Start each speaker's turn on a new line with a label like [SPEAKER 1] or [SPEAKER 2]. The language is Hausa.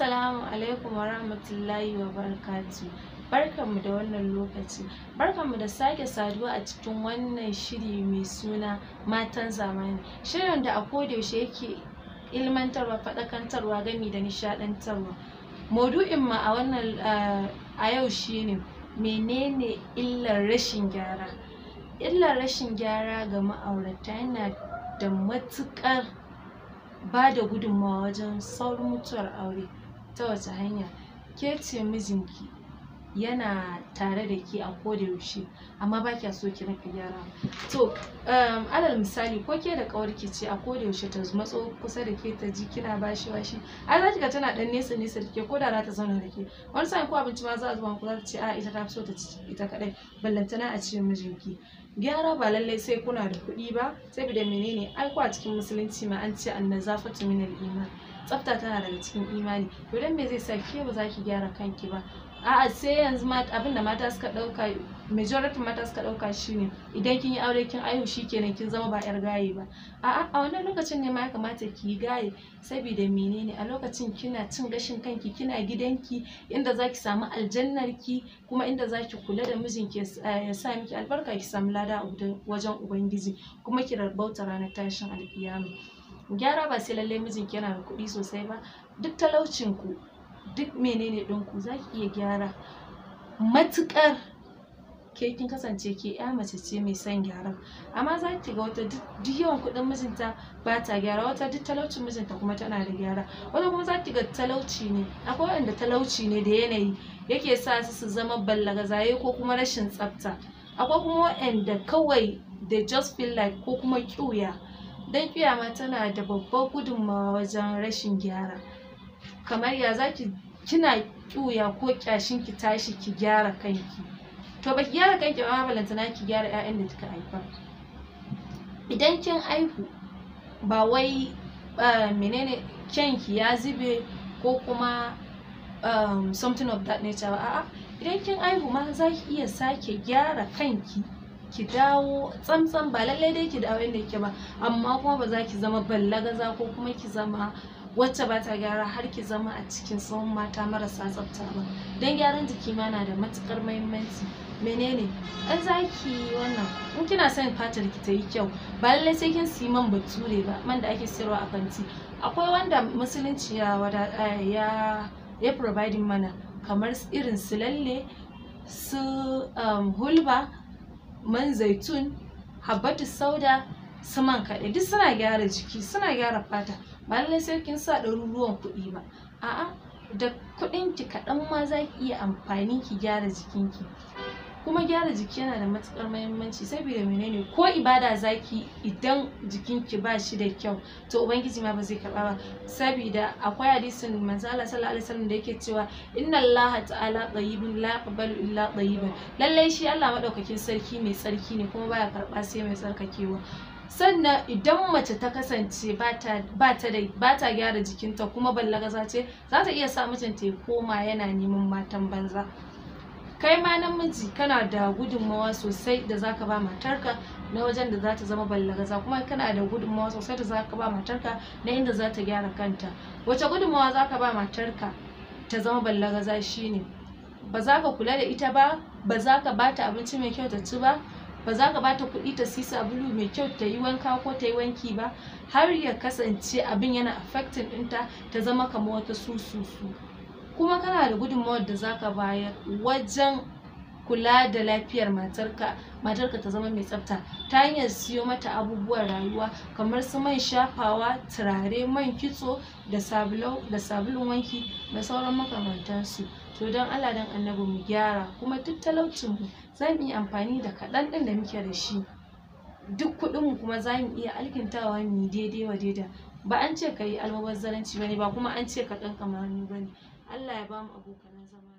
[SPEAKER 1] Assalamu alaikum wa wabarakatuh. wa Barkanmu da wannan lokaci. Barkanmu da sake saduwa a cikin wannan shiri mai suna Matan Zamani. Shirin da a yaushe yake ilmantarwa, faɗakantarwa gami da nishaɗantarwa. Maudu'in ma a wannan eh, a yau shine menene illar rashin gyara? Illar rashin gyara ga ma'aurata yana da matuƙar ba da gudunmawa wajen saurin mutuwar aure. ta wace hanya ke ce mijinki yana tare da ke a koda yaushe amma ba kya so ki rinka gyara to um, alal misali ko ke da ƙawarki ce a koda yaushe ta matso kusa da ke ta ji kina bashi bashi ai za ki ga tana dan nesa nesa da ke ko da za ta zauna da ke wani sa'in ko abinci ma za a zuba kuma za ta ce a ita ta fi so ta ci ita kadai ballantana a ce mijinki gyara ba lallai sai kuna da kuɗi ba saboda menene ai ko a cikin musulunci ma an ce annazafatu minal iman tsafta tana daga cikin imani to dan me zai sa ke ba za ki gyara kanki ba a'a sai yanzu abin da mata suka dauka majority mata suka dauka shine idan kin yi aure kin aihu shikenan kin zama ba yar gaye ba a'a a wannan lokacin ne ma ya kamata ki yi gaye saboda menene a lokacin kina cin gashin kanki kina gidanki inda zaki samu aljannar ki kuma inda zaki kula da mijinki ya sa miki albarka ki samu lada a wajen ubangiji kuma ki rabauta ranar tashin alkiyama gyara ba sai lallai mijinki yana da kuɗi sosai ba duk talaucin ku duk menene ɗinku za ki iya gyara matuƙar ke kin kasance ke ya mace ce mai son gyaran amma za ki ga wata duk yawan kuɗin mijinta ba ta gyara wata duk talaucin mijinta kuma tana da gyara wata kuma za ki ga talauci ne akwai wanda talauci ne da yanayi yake sa su su zama ballagazaye ko kuma rashin tsafta akwai kuma waɗanda kawai they just feel like ko kuma ƙyuya don kiyama ma tana da babbar gudunmawa wajen rashin gyara kamar ya zaki kina kyuya ko ƙyashin ki tashi ki gyara kanki to baki gyara kanki ba balantana ki gyara 'ya'yan da kika haifa idan kin aihu ba wai eh, menene kyanki ya zube ko kuma eh, something of that nature ba a'a idan kin aihu ma za ki iya sake gyara kanki ki dawo tsantsan ba lallai dai ki dawo yadda yake ba amma kuma ba za ki zama ballagaza ko kuma ki zama wacce ba ta gyara har ki zama a cikin tsawon mata marasa tsafta ba don gyaran jiki ma na da matukar muhimmanci menene an za ki wannan in kina son fatar ki ta yi kyau ba lallai sai kin siyi man bature ba man da ake siyarwa a kanti akwai wanda musulunci ya wada ya ya providing mana kamar irin su lalle su um, hulba man zaitun habbatu sauda saman man kaɗe duk suna gyara jiki suna gyara fata ba lallai sai kin sa ɗaruruwan kuɗi ba a'a da kuɗin ki kaɗan ma za ki iya amfani ki gyara jikin ki. kuma gyara jiki yana da matukar mahimmanci saboda menene ko ibada zaki idan jikinki ba shi da kyau to ubangiji ma ba zai karba ba saboda akwai hadisin manzo Allah sallallahu alaihi wasallam da yake cewa inna Allah ta'ala tayyibun la yaqbalu illa tayyiban lalle shi Allah madaukakin sarki mai sarki ne kuma baya karba sai mai sarkakewa sannan idan mace ta kasance ba ta gyara jikinta kuma ballaga ce za ta iya sa mijinta ya koma yana neman matan banza kai ma namiji kana da gudunmawa sosai da zaka ba matarka na wajen da za ta zama ballagaza kuma kana da gudunmawa sosai da zaka ba matarka na inda za ta gyara kanta wace gudunmawa zaka ba matarka ta zama ballagaza shine ba za ka kula da ita ba ba za ka ba ta abinci mai kyau ta ci ba ba za ka ba ta kuɗi ta siya sabulu mai kyau ta yi wanka ko ta yi wanki ba har ya kasance abin yana affecting ɗinta ta zama kamar wata sususu kuma kana da gudunmawar da zaka bayar wajen kula da lafiyar matarka matarka ta zama mai tsafta ta hanyar siyo mata abubuwan rayuwa kamar su man shafawa turare man kitso da sabulu da sabulun wanki da sauran makamantansu to don Allah don annabi mu gyara kuma duk talaucin mu za mu yi amfani da kaɗan ɗin da muke da shi duk kuɗin mu kuma za mu iya alkintawa mu daidai wa daida ba an ce ka yi almubazzaranci ba ne ba kuma an ce ka ɗan kamar ba ne Allah ya mu abokanan zama